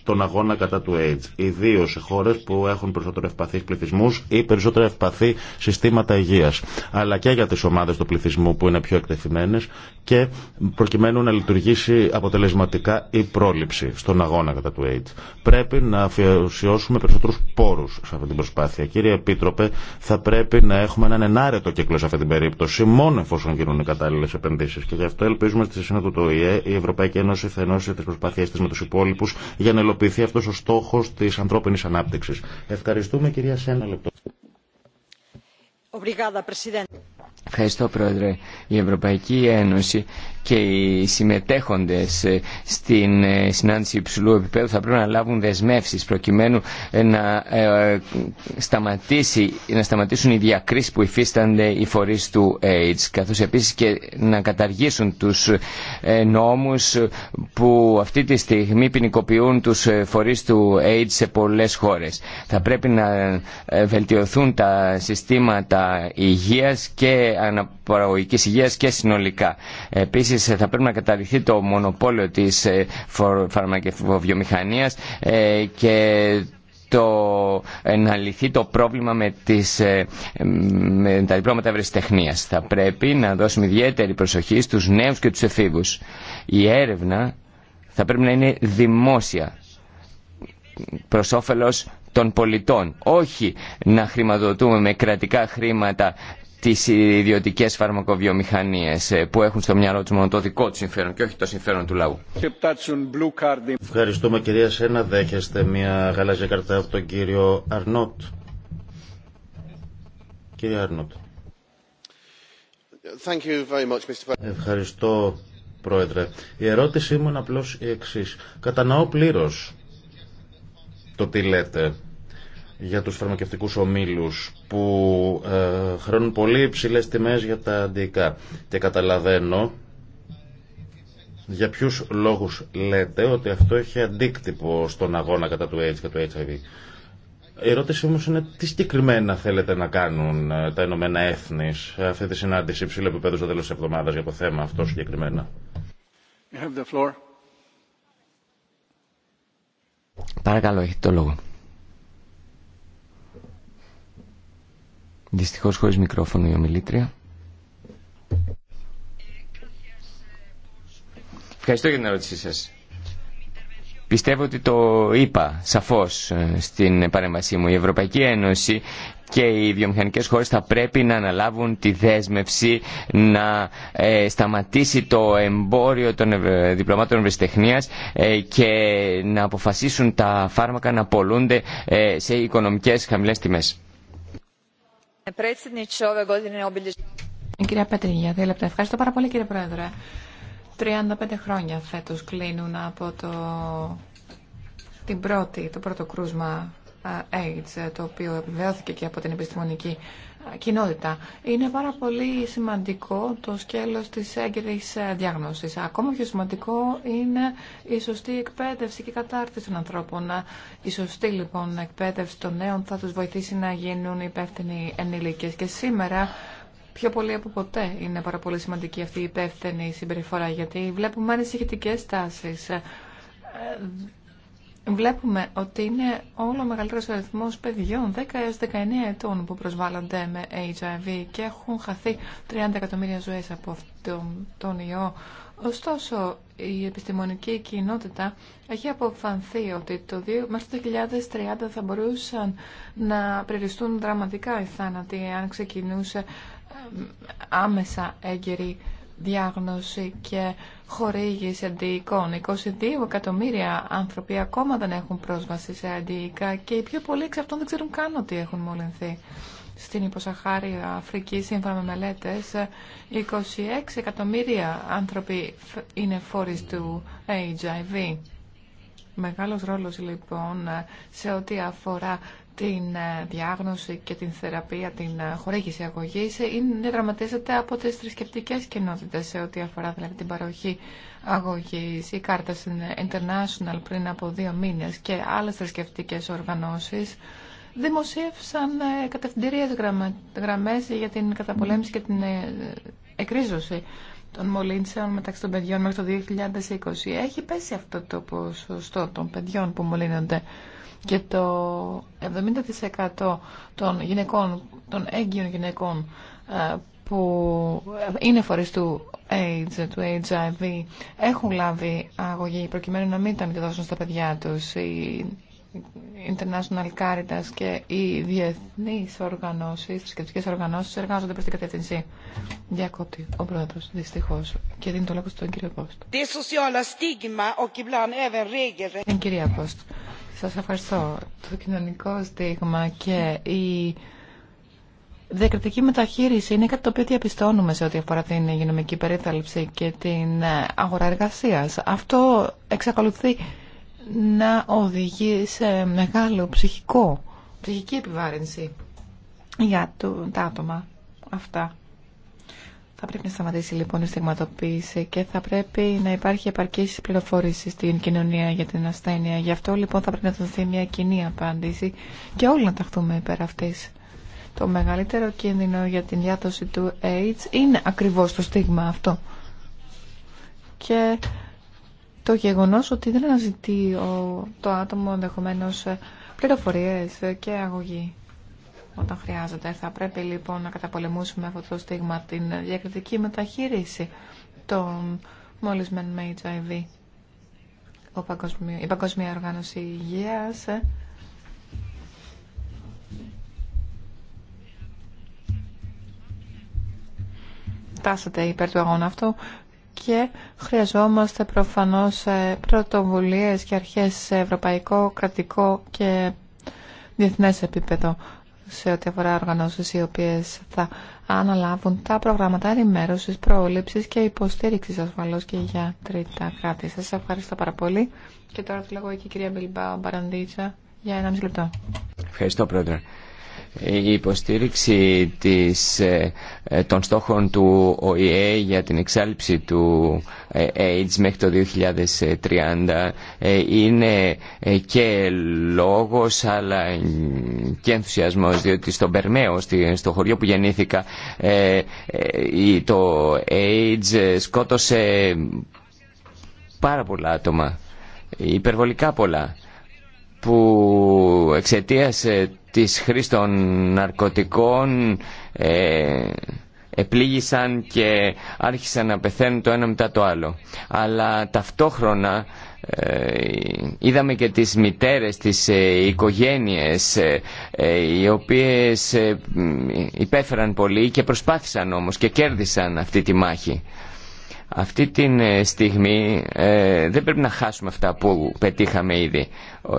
τον αγώνα κατά του AIDS, ιδίω σε χώρε που έχουν περισσότερο ευπαθεί πληθυσμού ή περισσότερο ευπαθή συστήματα υγεία, αλλά και για τι ομάδε του πληθυσμού που είναι πιο εκτεθειμένε και προκειμένου να λειτουργήσει αποτελεσματικά η πρόληψη στον αγώνα κατά του AIDS. Πρέπει να αφιερωσιώσουμε περισσότερου πόρου σε αυτή την προσπάθεια. Κύριε Επίτροπε, θα πρέπει να έχουμε έναν ενάρετο κύκλο σε αυτή την περίπτωση, μόνο εφόσον γίνουν οι κατάλληλε επενδύσει. Και γι' αυτό ελπίζουμε στη Σύνοδο του ΟΗΕ η Ευρωπαϊκή Ένωση θα ενώσει τι προσπάθειέ τη με του υπόλοιπου για να υλοποιηθεί αυτός ο στόχος της ανθρώπινης ανάπτυξης. Ευχαριστούμε κυρία Σένα λεπτό. Ευχαριστώ Πρόεδρε. Η Ευρωπαϊκή Ένωση και οι συμμετέχοντες ε, στην ε, συνάντηση υψηλού επίπεδου θα πρέπει να λάβουν δεσμεύσεις προκειμένου ε, να, σταματήσει, να σταματήσουν οι διακρίσεις που υφίστανται οι φορείς του AIDS καθώς επίσης και να καταργήσουν τους νόμους που αυτή τη στιγμή ποινικοποιούν τους φορείς του AIDS σε πολλές χώρες. Θα πρέπει να βελτιωθούν τα συστήματα υγείας και αναπαραγωγικής υγείας και συνολικά. Ε, θα πρέπει να καταργηθεί το μονοπόλιο της ε, βιομηχανίας ε, και το, να λυθεί το πρόβλημα με, τις, με τα διπλώματα ευρεσιτεχνίας. Θα πρέπει να δώσουμε ιδιαίτερη προσοχή στους νέους και τους εφήβους. Η έρευνα θα πρέπει να είναι δημόσια προς όφελος των πολιτών. Όχι να χρηματοδοτούμε με κρατικά χρήματα τις ιδιωτικές φαρμακοβιομηχανίες ε, που έχουν στο μυαλό τους μόνο το δικό τους συμφέρον και όχι το συμφέρον του λαού. Ευχαριστούμε κυρία Σένα. Δέχεστε μια γαλάζια καρτά από τον κύριο Αρνότ. Κύριε Αρνότ. Ευχαριστώ Πρόεδρε. Η ερώτησή μου είναι απλώς η εξής. Κατανοώ πλήρως το τι λέτε για τους φαρμακευτικούς ομίλους που ε, χρώνουν πολύ υψηλές τιμές για τα αντικά. Και καταλαβαίνω για ποιους λόγους λέτε ότι αυτό έχει αντίκτυπο στον αγώνα κατά του AIDS και του HIV. Η ερώτηση όμως είναι τι συγκεκριμένα θέλετε να κάνουν ε, τα Ηνωμένα Έθνη σε αυτή τη συνάντηση υψηλού επίπεδου στο τέλος της εβδομάδας για το θέμα αυτό συγκεκριμένα. Παρακαλώ, έχετε το λόγο. Δυστυχώς χωρίς μικρόφωνο η ομιλήτρια. Ευχαριστώ για την ερώτησή σας. Πιστεύω ότι το είπα σαφώς ε, στην παρέμβασή μου. Η Ευρωπαϊκή Ένωση και οι βιομηχανικές χώρες θα πρέπει να αναλάβουν τη δέσμευση να ε, σταματήσει το εμπόριο των ε, διπλωμάτων ευρεσιτεχνίας και να αποφασίσουν τα φάρμακα να πολλούνται σε οικονομικές χαμηλές τιμές. Ε, κυρία Ευχαριστώ πάρα πολύ κύριε Πρόεδρε. 35 χρόνια φέτος κλείνουν από το πρώτο κρούσμα ε, AIDS, το οποίο επιβεβαιώθηκε και από την επιστημονική κοινότητα. Είναι πάρα πολύ σημαντικό το σκέλος της έγκυρης διάγνωσης. Ακόμα πιο σημαντικό είναι η σωστή εκπαίδευση και κατάρτιση των ανθρώπων. Η σωστή λοιπόν εκπαίδευση των νέων θα τους βοηθήσει να γίνουν υπεύθυνοι ενήλικες. Και σήμερα πιο πολύ από ποτέ είναι πάρα πολύ σημαντική αυτή η υπεύθυνη συμπεριφορά γιατί βλέπουμε ανησυχητικέ τάσει βλέπουμε ότι είναι όλο μεγαλύτερος ο αριθμός παιδιών 10 έως 19 ετών που προσβάλλονται με HIV και έχουν χαθεί 30 εκατομμύρια ζωές από τον, τον ιό. Ωστόσο, η επιστημονική κοινότητα έχει αποφανθεί ότι το 2, μέχρι το 2030 θα μπορούσαν να περιοριστούν δραματικά οι θάνατοι αν ξεκινούσε ε, άμεσα έγκαιρη διάγνωση και χορήγηση αντιοικών. 22 εκατομμύρια άνθρωποι ακόμα δεν έχουν πρόσβαση σε αντιοικά και οι πιο πολλοί εξ αυτών δεν ξέρουν καν ότι έχουν μολυνθεί. Στην Υποσαχάρη Αφρική, σύμφωνα με μελέτες, 26 εκατομμύρια άνθρωποι είναι φόρεις του HIV. Μεγάλος ρόλος λοιπόν σε ό,τι αφορά την ε, διάγνωση και την θεραπεία, την ε, χορήγηση αγωγής ε, είναι δραματίζεται από τι θρησκευτικέ κοινότητε σε ό,τι αφορά δηλαδή, την παροχή αγωγή Η κάρτα στην International πριν από δύο μήνε και άλλε θρησκευτικέ οργανώσει δημοσίευσαν κατευθυντήριε γραμμέ για την καταπολέμηση και την εκρίζωση των μολύνσεων μεταξύ των παιδιών μέχρι το 2020. Έχει πέσει αυτό το ποσοστό των παιδιών που μολύνονται και το 70% των γυναικών, των έγκυων γυναικών ε, που είναι φορείς του AIDS, του HIV, έχουν λάβει αγωγή προκειμένου να μην τα μεταδώσουν στα παιδιά τους. Η International Caritas και οι διεθνείς οργανώσεις, θρησκευτικές οργανώσεις εργάζονται προς την κατεύθυνση. Διακόπτει ο πρόεδρος, δυστυχώς. Και δίνει το λόγο στον κύριο Πόστ. Την κυρία Πόστ. Σας ευχαριστώ. Το κοινωνικό στίγμα και η διακριτική μεταχείριση είναι κάτι το οποίο διαπιστώνουμε σε ό,τι αφορά την υγειονομική περίθαλψη και την αγορά εργασία. Αυτό εξακολουθεί να οδηγεί σε μεγάλο ψυχικό, ψυχική επιβάρυνση για τα άτομα αυτά. Θα πρέπει να σταματήσει λοιπόν η στιγματοποίηση και θα πρέπει να υπάρχει επαρκή πληροφόρηση στην κοινωνία για την ασθένεια. Γι' αυτό λοιπόν θα πρέπει να δοθεί μια κοινή απάντηση και όλοι να ταχθούμε υπέρ αυτή. Το μεγαλύτερο κίνδυνο για την διάδοση του AIDS είναι ακριβώς το στίγμα αυτό. Και το γεγονό ότι δεν αναζητεί το άτομο ενδεχομένω πληροφορίε και αγωγή όταν χρειάζεται. Θα πρέπει λοιπόν να καταπολεμούσουμε αυτό το στίγμα, την διακριτική μεταχείριση των μολυσμένων με HIV. Ο Η Παγκοσμία Οργάνωση Υγείας ε, τάσσεται υπέρ του αγώνα αυτού και χρειαζόμαστε προφανώς ε, πρωτοβουλίες και αρχές σε ευρωπαϊκό, κρατικό και διεθνές επίπεδο σε ό,τι αφορά οργανώσεις οι οποίες θα αναλάβουν τα προγράμματα ενημέρωσης, προόληψης και υποστήριξης ασφαλώς και για τρίτα κράτη. Σας ευχαριστώ πάρα πολύ. Και τώρα το και η κυρία Μπιλμπάου Μπαραντίτσα για ένα μισή λεπτό. Ευχαριστώ πρόεδρε. Η υποστήριξη της, ε, ε, των στόχων του ΟΗΕ για την εξάλληψη του ε, AIDS μέχρι το 2030 είναι και λόγος αλλά και ενθουσιασμός διότι στον Περμαίο, στο χωριό που γεννήθηκα το AIDS σκότωσε πάρα πολλά άτομα, υπερβολικά πολλά που εξαιτίας ε, της χρήση των ναρκωτικών ε, επλήγησαν και άρχισαν να πεθαίνουν το ένα μετά το άλλο. Αλλά ταυτόχρονα ε, είδαμε και τις μητέρες, τις ε, οικογένειες ε, οι οποίες υπέφεραν πολύ και προσπάθησαν όμως και κέρδισαν αυτή τη μάχη. Αυτή τη ε, στιγμή ε, δεν πρέπει να χάσουμε αυτά που πετύχαμε ήδη.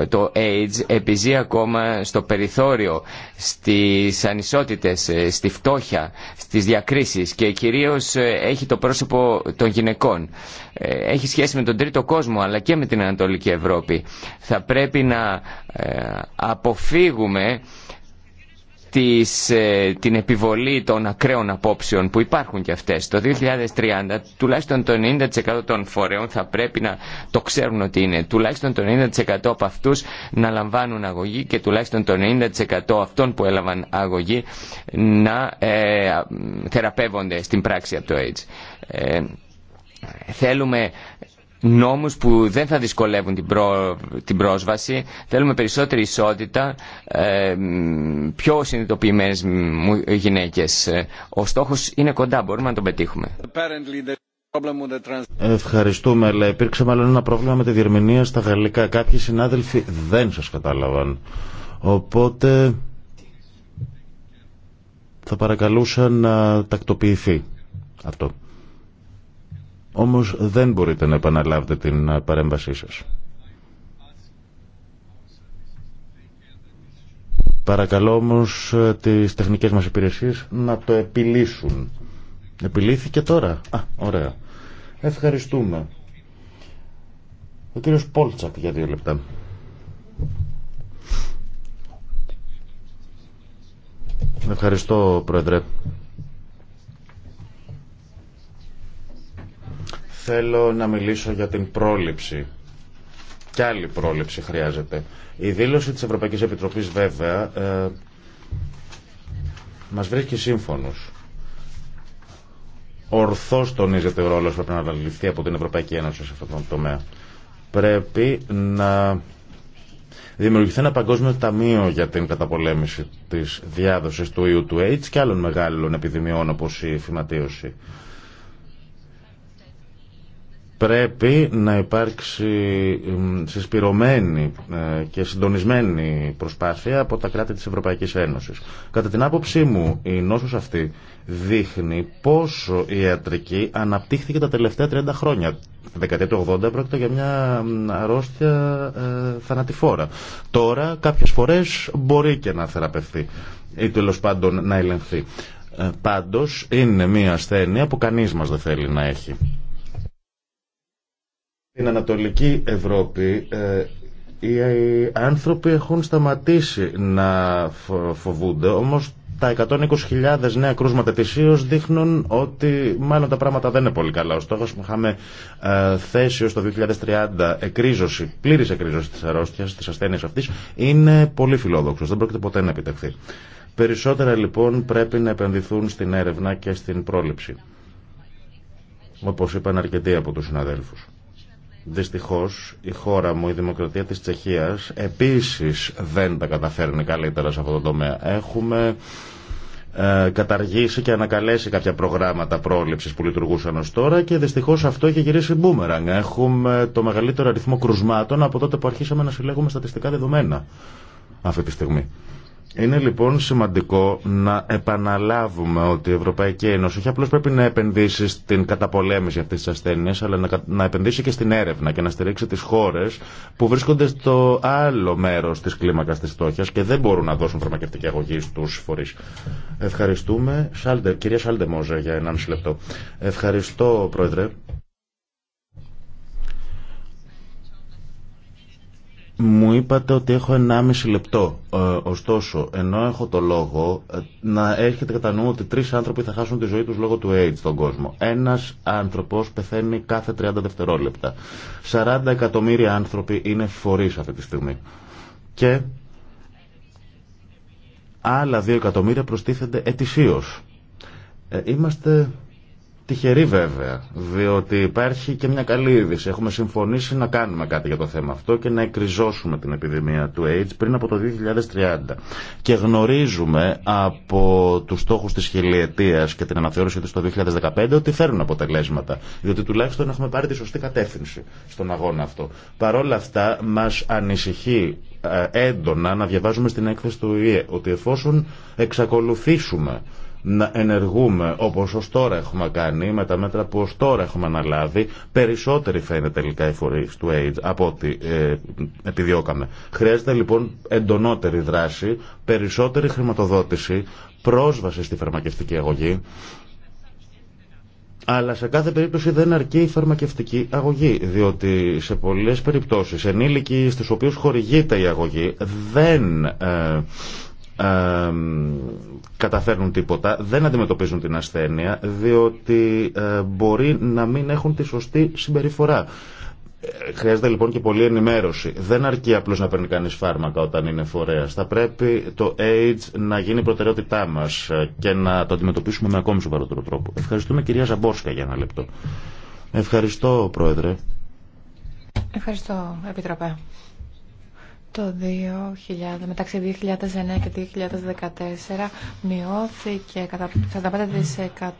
Το AIDS επιζεί ακόμα στο περιθώριο, στις ανισότητες, ε, στη φτώχεια, στις διακρίσεις και κυρίως έχει το πρόσωπο των γυναικών. Έχει σχέση με τον τρίτο κόσμο αλλά και με την Ανατολική Ευρώπη. Θα πρέπει να αποφύγουμε της, ε, την επιβολή των ακραίων απόψεων που υπάρχουν και αυτές. Το 2030 τουλάχιστον το 90% των φορέων θα πρέπει να το ξέρουν ότι είναι. Τουλάχιστον το 90% από αυτούς να λαμβάνουν αγωγή και τουλάχιστον το 90% αυτών που έλαβαν αγωγή να ε, θεραπεύονται στην πράξη από το AIDS. Ε, θέλουμε νόμους που δεν θα δυσκολεύουν την, την πρόσβαση. Θέλουμε περισσότερη ισότητα, ε, πιο συνειδητοποιημένες γυναίκες. Ε, ο στόχος είναι κοντά, μπορούμε να τον πετύχουμε. Ευχαριστούμε, αλλά υπήρξε μάλλον ένα πρόβλημα με τη διερμηνία στα γαλλικά. Κάποιοι συνάδελφοι δεν σας κατάλαβαν. Οπότε θα παρακαλούσα να τακτοποιηθεί αυτό. Όμως δεν μπορείτε να επαναλάβετε την ε, παρέμβασή σας. Παρακαλώ όμως ε, τις τεχνικές μας υπηρεσίες να το επιλύσουν. Επιλύθηκε τώρα. Α, ωραία. Ευχαριστούμε. Ο κύριος Πόλτσακ για δύο λεπτά. Ευχαριστώ, Πρόεδρε. Θέλω να μιλήσω για την πρόληψη. Κι άλλη πρόληψη χρειάζεται. Η δήλωση της Ευρωπαϊκής Επιτροπής βέβαια ε, μας βρίσκει σύμφωνος. Ορθώς τονίζεται ο ρόλος που πρέπει να αναλυθεί από την Ευρωπαϊκή Ένωση σε αυτό το τομέα. Πρέπει να δημιουργηθεί ένα παγκόσμιο ταμείο για την καταπολέμηση της διάδοσης του ιού του AIDS και άλλων μεγάλων επιδημιών όπως η φυματίωση. Πρέπει να υπάρξει συσπηρωμένη ε, και συντονισμένη προσπάθεια από τα κράτη της Ευρωπαϊκής Ένωσης. Κατά την άποψή μου, η νόσος αυτή δείχνει πόσο η ιατρική αναπτύχθηκε τα τελευταία 30 χρόνια. Τη δεκαετία του 80 πρόκειται για μια αρρώστια ε, θανατηφόρα. Τώρα κάποιες φορές μπορεί και να θεραπευθεί ή τέλο πάντων να ελεγχθεί. Ε, πάντως είναι μια ασθένεια που κανείς μας δεν θέλει να έχει. Στην Ανατολική Ευρώπη ε, οι άνθρωποι έχουν σταματήσει να φοβούνται, όμως τα 120.000 νέα κρούσματα ΥΟΣ δείχνουν ότι μάλλον τα πράγματα δεν είναι πολύ καλά. Ο στόχο που είχαμε ε, θέσει ω το 2030, εκρίζωση, πλήρη εκρίζωση τη αρρώστιας, τη ασθένεια αυτή, είναι πολύ φιλόδοξος, Δεν πρόκειται ποτέ να επιτευχθεί. Περισσότερα λοιπόν πρέπει να επενδυθούν στην έρευνα και στην πρόληψη. Όπω είπαν αρκετοί από του συναδέλφου. Δυστυχώς η χώρα μου, η Δημοκρατία της Τσεχίας, επίσης δεν τα καταφέρνει καλύτερα σε αυτό το τομέα. Έχουμε ε, καταργήσει και ανακαλέσει κάποια προγράμματα πρόληψης που λειτουργούσαν ως τώρα και δυστυχώς αυτό έχει γυρίσει μπούμερανγκ. Έχουμε το μεγαλύτερο αριθμό κρουσμάτων από τότε που αρχίσαμε να συλλέγουμε στατιστικά δεδομένα αυτή τη στιγμή. Είναι λοιπόν σημαντικό να επαναλάβουμε ότι η Ευρωπαϊκή Ένωση όχι απλώς πρέπει να επενδύσει στην καταπολέμηση αυτής της ασθένειας, αλλά να επενδύσει και στην έρευνα και να στηρίξει τις χώρες που βρίσκονται στο άλλο μέρος της κλίμακας της στόχιας και δεν μπορούν να δώσουν φαρμακευτική αγωγή στους φορείς. Ευχαριστούμε. κυρία Σάλτε Μόζε για 1,5 λεπτό. Ευχαριστώ, Πρόεδρε. Μου είπατε ότι έχω 1,5 λεπτό. Ε, ωστόσο, ενώ έχω το λόγο, ε, να έχετε κατά νου ότι τρει άνθρωποι θα χάσουν τη ζωή του λόγω του AIDS στον κόσμο. Ένα άνθρωπο πεθαίνει κάθε 30 δευτερόλεπτα. 40 εκατομμύρια άνθρωποι είναι φορεί αυτή τη στιγμή. Και άλλα 2 εκατομμύρια προστίθενται ετησίω. Ε, είμαστε Τυχερή βέβαια, διότι υπάρχει και μια καλή είδηση. Έχουμε συμφωνήσει να κάνουμε κάτι για το θέμα αυτό και να εκριζώσουμε την επιδημία του AIDS πριν από το 2030. Και γνωρίζουμε από τους στόχους της χιλιετίας και την αναθεώρηση της το 2015 ότι φέρνουν αποτελέσματα, διότι τουλάχιστον έχουμε πάρει τη σωστή κατεύθυνση στον αγώνα αυτό. Παρ' όλα αυτά μας ανησυχεί ε, έντονα να διαβάζουμε στην έκθεση του ΙΕ ότι εφόσον εξακολουθήσουμε να ενεργούμε όπως ως τώρα έχουμε κάνει με τα μέτρα που ως τώρα έχουμε αναλάβει περισσότερη φαίνεται τελικά οι του AIDS από ό,τι ε, επιδιώκαμε. Χρειάζεται λοιπόν εντονότερη δράση, περισσότερη χρηματοδότηση, πρόσβαση στη φαρμακευτική αγωγή αλλά σε κάθε περίπτωση δεν αρκεί η φαρμακευτική αγωγή, διότι σε πολλές περιπτώσεις ενήλικοι στους οποίους χορηγείται η αγωγή δεν ε, καταφέρνουν τίποτα, δεν αντιμετωπίζουν την ασθένεια, διότι ε, μπορεί να μην έχουν τη σωστή συμπεριφορά. Ε, χρειάζεται λοιπόν και πολλή ενημέρωση. Δεν αρκεί απλώς να παίρνει κανείς φάρμακα όταν είναι φορέα. Θα πρέπει το AIDS να γίνει προτεραιότητά μας ε, και να το αντιμετωπίσουμε με ακόμη σοβαρότερο τρόπο. Ευχαριστούμε κυρία Ζαμπόρσκα για ένα λεπτό. Ευχαριστώ, Πρόεδρε. Ευχαριστώ, Επιτροπέ. Το 2000, μεταξύ 2009 και 2014 μειώθηκε κατά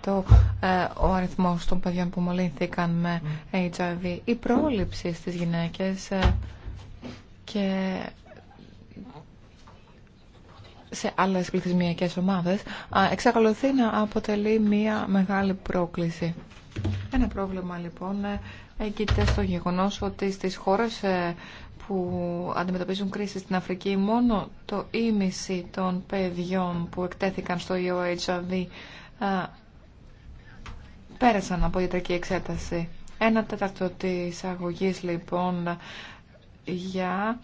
45% ε, ο αριθμός των παιδιών που μολύνθηκαν με HIV. Η πρόληψη στις γυναίκες ε, και σε άλλες πληθυσμιακές ομάδες εξακολουθεί να αποτελεί μία μεγάλη πρόκληση. Ένα πρόβλημα λοιπόν ε, έγκυται στο γεγονός ότι στις χώρες που αντιμετωπίζουν κρίση στην Αφρική, μόνο το ίμιση των παιδιών που εκτέθηκαν στο EOHIV πέρασαν από ιατρική εξέταση. Ένα τέταρτο της αγωγής λοιπόν για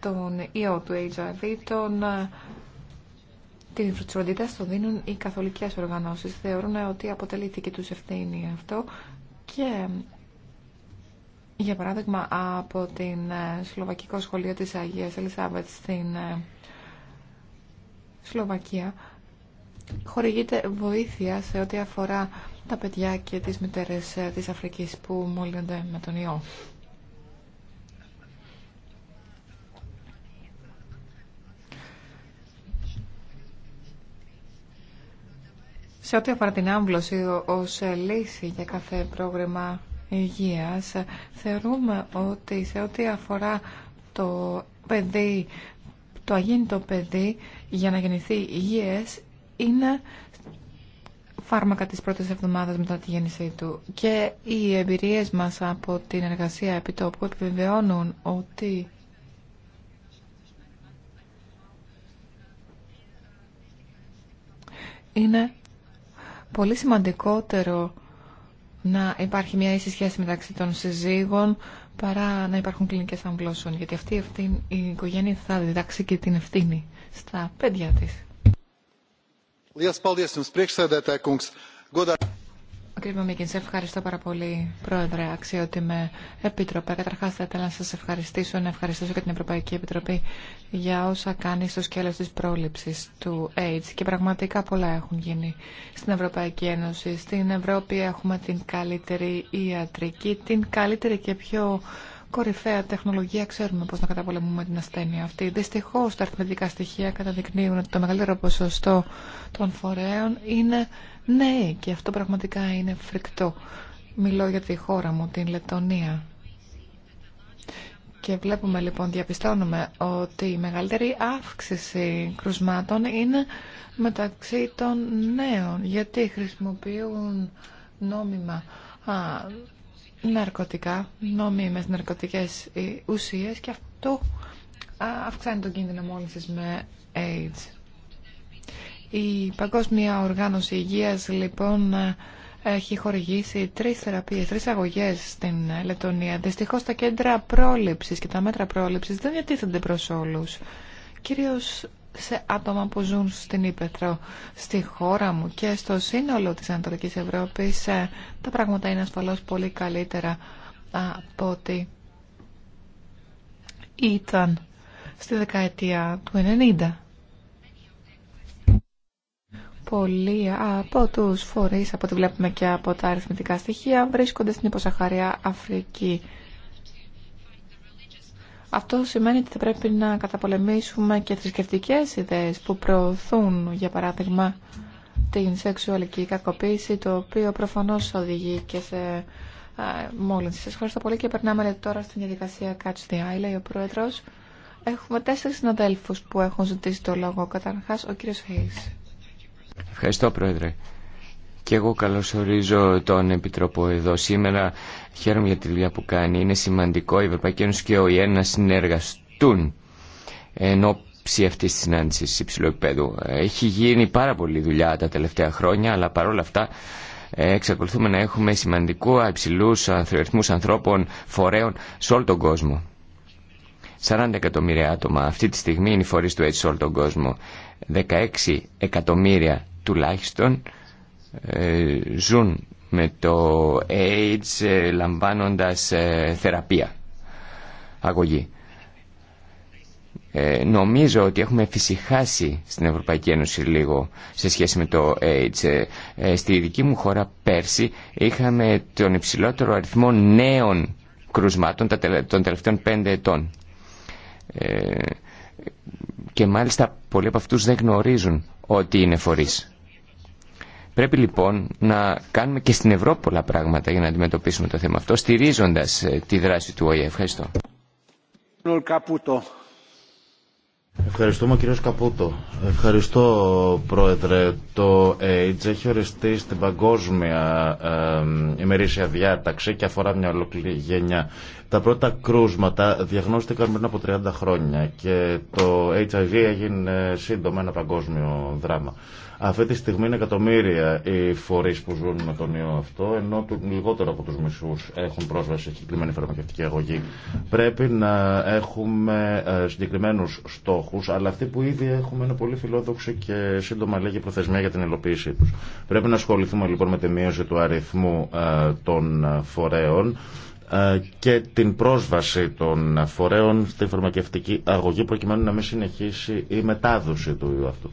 τον ιό του HIV, τον την φρουτσροντίδα στο δίνουν οι καθολικές οργανώσεις. Θεωρούν ότι αποτελεί του τους ευθύνη αυτό και για παράδειγμα, από την ε, Σλοβακικό Σχολείο της Αγίας Ελισάβετ στην ε, Σλοβακία χορηγείται βοήθεια σε ό,τι αφορά τα παιδιά και τις μητέρες ε, της Αφρικής που μόλυνται με τον ιό. Σε ό,τι αφορά την άμβλωση ως λύση για κάθε πρόγραμμα υγείας θεωρούμε ότι σε ό,τι αφορά το παιδί, το παιδί για να γεννηθεί υγιές είναι φάρμακα της πρώτες εβδομάδες μετά τη γέννησή του. Και οι εμπειρίες μας από την εργασία επιτόπου επιβεβαιώνουν ότι είναι πολύ σημαντικότερο να υπάρχει μια ίση σχέση μεταξύ των συζύγων παρά να υπάρχουν κλινικέ αμβλώσεων. Γιατί αυτή, αυτή η οικογένεια θα διδάξει και την ευθύνη στα παιδιά της. Κύριε ευχαριστώ πάρα πολύ, Πρόεδρε, αξιότιμε Επίτροπε. Καταρχάς, θα ήθελα να σας ευχαριστήσω, να ευχαριστήσω και την Ευρωπαϊκή Επιτροπή για όσα κάνει στο σκέλος της πρόληψης του AIDS και πραγματικά πολλά έχουν γίνει στην Ευρωπαϊκή Ένωση. Στην Ευρώπη έχουμε την καλύτερη ιατρική, την καλύτερη και πιο κορυφαία τεχνολογία ξέρουμε πώς να καταπολεμούμε την ασθένεια αυτή. Δυστυχώς τα αριθμητικά στοιχεία καταδεικνύουν ότι το μεγαλύτερο ποσοστό των φορέων είναι νέοι και αυτό πραγματικά είναι φρικτό. Μιλώ για τη χώρα μου, την Λετωνία. Και βλέπουμε λοιπόν, διαπιστώνουμε ότι η μεγαλύτερη αύξηση κρουσμάτων είναι μεταξύ των νέων, γιατί χρησιμοποιούν νόμιμα α, ναρκωτικά, νόμιμες ναρκωτικές ε, ουσίες και αυτό αυξάνει τον κίνδυνο μόλυνσης με AIDS. Η Παγκόσμια Οργάνωση Υγείας λοιπόν έχει χορηγήσει τρεις θεραπείες, τρεις αγωγές στην Λετωνία. Δυστυχώς τα κέντρα πρόληψης και τα μέτρα πρόληψης δεν διατίθενται προς όλους. Κυρίως σε άτομα που ζουν στην Ήπεθρο, στη χώρα μου και στο σύνολο της Ανατολικής Ευρώπης ε, τα πράγματα είναι ασφαλώς πολύ καλύτερα από ότι ήταν στη δεκαετία του 90. Πολλοί από τους φορείς, από ό,τι βλέπουμε και από τα αριθμητικά στοιχεία, βρίσκονται στην υποσαχαρία Αφρική. Αυτό σημαίνει ότι θα πρέπει να καταπολεμήσουμε και θρησκευτικέ ιδέες που προωθούν, για παράδειγμα, την σεξουαλική κακοποίηση, το οποίο προφανώς οδηγεί και σε ε, μόλυνση. Σας ευχαριστώ πολύ και περνάμε τώρα στην διαδικασία Catch the Eye, λέει ο Πρόεδρος. Έχουμε τέσσερις συναδέλφους που έχουν ζητήσει το λόγο. Καταρχάς, ο κύριος Χέι. Ευχαριστώ, Πρόεδρε. Και εγώ καλωσορίζω τον Επιτροπό εδώ σήμερα. Χαίρομαι για τη δουλειά που κάνει. Είναι σημαντικό η Ευρωπαϊκή Ένωση και ο ΙΕ να συνεργαστούν εν ώψη αυτή τη συνάντηση υψηλού επίπεδου. Έχει γίνει πάρα πολλή δουλειά τα τελευταία χρόνια, αλλά παρόλα αυτά ε, εξακολουθούμε να έχουμε σημαντικού υψηλού αριθμού ανθρώπων φορέων σε όλο τον κόσμο. 40 εκατομμύρια άτομα αυτή τη στιγμή είναι οι φορεί του έτσι σε όλο τον κόσμο. 16 εκατομμύρια τουλάχιστον ε, ζουν με το AIDS ε, λαμβάνοντας ε, θεραπεία, αγωγή. νομίζω ότι έχουμε φυσικάσει στην Ευρωπαϊκή Ένωση λίγο σε σχέση με το AIDS. Ε, στη δική μου χώρα πέρσι είχαμε τον υψηλότερο αριθμό νέων κρουσμάτων των τελευταίων πέντε ετών. και μάλιστα πολλοί από αυτούς δεν γνωρίζουν ότι είναι φορείς. Πρέπει λοιπόν να κάνουμε και στην Ευρώπη πολλά πράγματα για να αντιμετωπίσουμε το θέμα αυτό, στηρίζοντα ε, τη δράση του ΟΗΕ. Ευχαριστώ. Ευχαριστούμε κύριο Καπούτο. Ευχαριστώ πρόεδρε. Το AIDS έχει οριστεί στην παγκόσμια ε, ημερήσια διάταξη και αφορά μια ολόκληρη γενιά. Τα πρώτα κρούσματα διαγνώστηκαν πριν από 30 χρόνια και το HIV έγινε σύντομα ένα παγκόσμιο δράμα. Αυτή τη στιγμή είναι εκατομμύρια οι φορεί που ζουν με τον ιό αυτό, ενώ λιγότερο από του μισού έχουν πρόσβαση σε συγκεκριμένη φαρμακευτική αγωγή. Πρέπει να έχουμε ε, συγκεκριμένου στόχου, αλλά αυτοί που ήδη έχουμε είναι πολύ φιλόδοξοι και σύντομα λέγει προθεσμία για την υλοποίησή του. Πρέπει να ασχοληθούμε λοιπόν με τη μείωση του αριθμού ε, των ε, φορέων και την πρόσβαση των φορέων στην φαρμακευτική αγωγή προκειμένου να μην συνεχίσει η μετάδοση του ιού αυτού.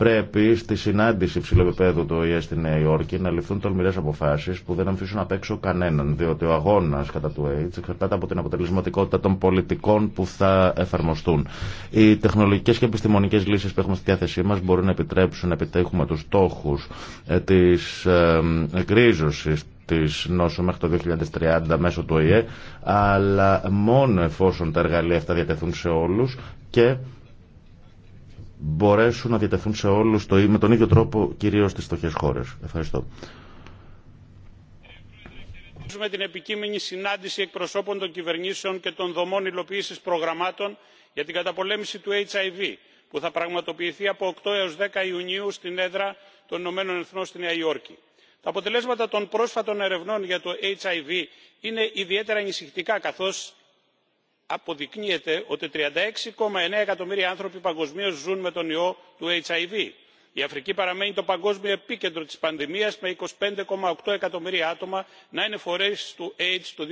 Πρέπει στη συνάντηση ψηλοπεπέδου του ΟΗΕ στη Νέα Υόρκη να ληφθούν τολμηρέ αποφάσει που δεν αμφίσουν απ' έξω κανέναν, διότι ο αγώνα κατά του AIDS εξαρτάται από την αποτελεσματικότητα των πολιτικών που θα εφαρμοστούν. Οι τεχνολογικέ και επιστημονικέ λύσει που έχουμε στη διάθεσή μα μπορούν να επιτρέψουν να επιτύχουμε του στόχου ε, τη ε, εκρίζωση τη νόσου μέχρι το 2030 μέσω του ΟΗΕ, αλλά μόνο εφόσον τα εργαλεία αυτά διατεθούν σε όλου και μπορέσουν να διατεθούν σε όλους το, με τον ίδιο τρόπο κυρίως στις στοχές χώρες. Ευχαριστώ. Ευχαριστούμε την επικείμενη συνάντηση εκπροσώπων των κυβερνήσεων και των δομών υλοποίηση προγραμμάτων για την καταπολέμηση του HIV, που θα πραγματοποιηθεί από 8 έως 10 Ιουνίου στην έδρα των Ηνωμένων Εθνών στη Νέα Υόρκη. Τα αποτελέσματα των πρόσφατων ερευνών για το HIV είναι ιδιαίτερα ενισχυτικά, καθώς αποδεικνύεται ότι 36,9 εκατομμύρια άνθρωποι παγκοσμίως ζουν με τον ιό του HIV. Η Αφρική παραμένει το παγκόσμιο επίκεντρο της πανδημίας με 25,8 εκατομμύρια άτομα να είναι φορείς του AIDS το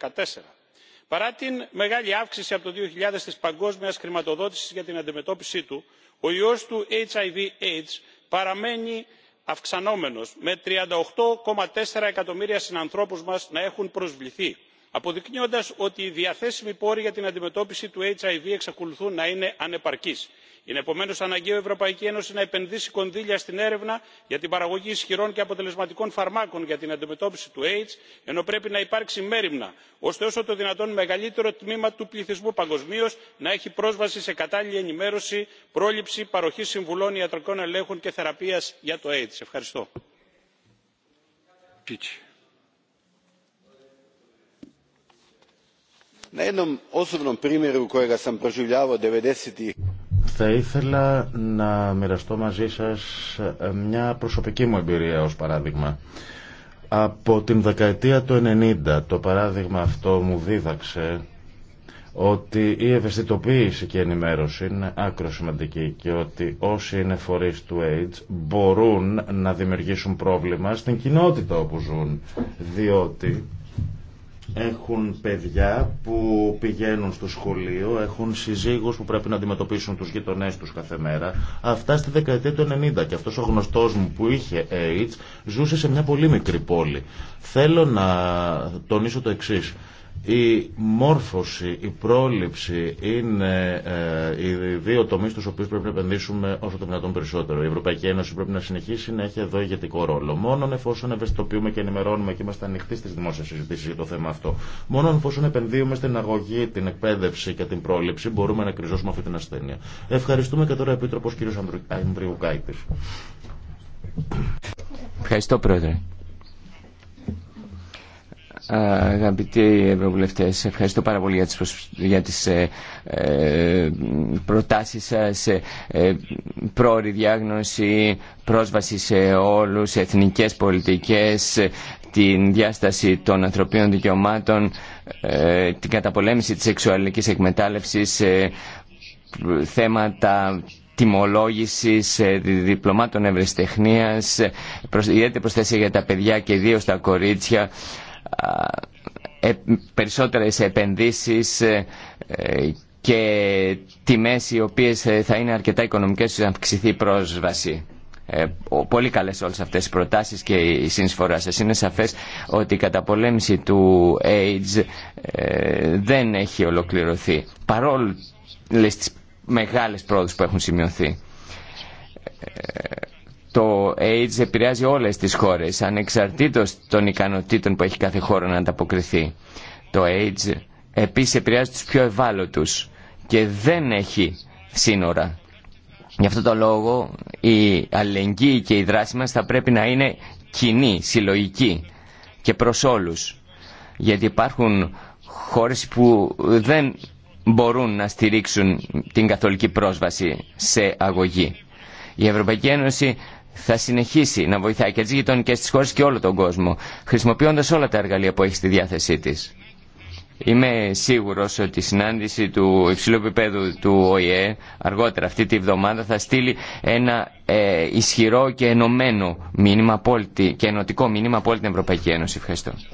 2014. Παρά την μεγάλη αύξηση από το 2000 τη παγκόσμια χρηματοδότηση για την αντιμετώπιση του, ο ιός του HIV-AIDS παραμένει αυξανόμενο με τέσσερα εκατομμύρια συνανθρώπου μα να έχουν προσβληθεί Αποδεικνύοντα ότι οι διαθέσιμοι πόροι για την αντιμετώπιση του hiv εξακολουθούν να είναι ανεπαρκεί. είναι επομένω αναγκαίο η ευρωπαϊκή ένωση να επενδύσει κονδύλια στην έρευνα για την παραγωγή ισχυρών και αποτελεσματικών φαρμάκων για την αντιμετώπιση του aids ενώ πρέπει να υπάρξει μέρημνα ώστε όσο το δυνατόν μεγαλύτερο τμήμα του πληθυσμού παγκοσμίω να έχει πρόσβαση σε κατάλληλη ενημέρωση πρόληψη παροχή συμβουλών ιατρικών ελέγχων και θεραπεία για το aids. ευχαριστώ. θα ήθελα να μοιραστώ μαζί σας ε, μια προσωπική μου εμπειρία ως παράδειγμα. Από την δεκαετία του 90 το παράδειγμα αυτό μου δίδαξε ότι η ευαισθητοποίηση και η ενημέρωση είναι άκρο σημαντική και ότι όσοι είναι φορείς του AIDS μπορούν να δημιουργήσουν πρόβλημα στην κοινότητα όπου ζουν διότι έχουν παιδιά που πηγαίνουν στο σχολείο, έχουν συζύγους που πρέπει να αντιμετωπίσουν τους γειτονές τους κάθε μέρα. Αυτά στη δεκαετία του 90 και αυτός ο γνωστός μου που είχε AIDS ζούσε σε μια πολύ μικρή πόλη. Θέλω να τονίσω το εξής. Η μόρφωση, η πρόληψη είναι ε, οι δύο τομεί στους οποίου πρέπει να επενδύσουμε όσο το δυνατόν περισσότερο. Η Ευρωπαϊκή Ένωση πρέπει να συνεχίσει να έχει εδώ ηγετικό ρόλο. Μόνο εφόσον ευαισθητοποιούμε και ενημερώνουμε και είμαστε ανοιχτοί στις δημόσια συζητήσεις για το θέμα αυτό. Μόνο εφόσον επενδύουμε στην αγωγή, την εκπαίδευση και την πρόληψη μπορούμε να κρυζώσουμε αυτή την ασθένεια. Ευχαριστούμε και τώρα Επίτροπος κ. Ανδριουκάητη. Ευχαριστώ, Πρόεδρε. Αγαπητοί ευρωβουλευτέ, ευχαριστώ πάρα πολύ για τι προτάσει για ε, ε, προτάσεις ε, πρόορη διάγνωση, πρόσβαση σε όλους, εθνικές πολιτικές, την διάσταση των ανθρωπίνων δικαιωμάτων, την καταπολέμηση της σεξουαλικής εκμετάλλευσης, θέματα τιμολόγηση, διπλωμάτων ευρεσιτεχνία, ιδιαίτερη προσθέση για τα παιδιά και ιδίως τα κορίτσια, ε, περισσότερες επενδύσεις ε, και τιμές οι οποίες ε, θα είναι αρκετά οικονομικές για να αυξηθεί η πρόσβαση. πολύ καλές όλες αυτές οι προτάσεις και η συνεισφορά σας. Είναι σαφές ότι η καταπολέμηση του AIDS δεν έχει ολοκληρωθεί παρόλες τις μεγάλες πρόοδους που έχουν σημειωθεί το AIDS επηρεάζει όλες τις χώρες, ανεξαρτήτως των ικανοτήτων που έχει κάθε χώρα να ανταποκριθεί. Το AIDS επίσης επηρεάζει τους πιο ευάλωτους και δεν έχει σύνορα. Γι' αυτό το λόγο η αλληλεγγύη και η δράση μας θα πρέπει να είναι κοινή, συλλογική και προς όλους. Γιατί υπάρχουν χώρες που δεν μπορούν να στηρίξουν την καθολική πρόσβαση σε αγωγή. Η Ευρωπαϊκή Ένωση θα συνεχίσει να βοηθάει και τι γειτονικέ τη χώρες και όλο τον κόσμο, χρησιμοποιώντας όλα τα εργαλεία που έχει στη διάθεσή της. Είμαι σίγουρο ότι η συνάντηση του υψηλού επίπεδου του ΟΗΕ αργότερα αυτή τη βδομάδα θα στείλει ένα ε, ισχυρό και ενωμένο μήνυμα απόλυτη, και ενωτικό μήνυμα από όλη την Ευρωπαϊκή Ένωση. Ευχαριστώ.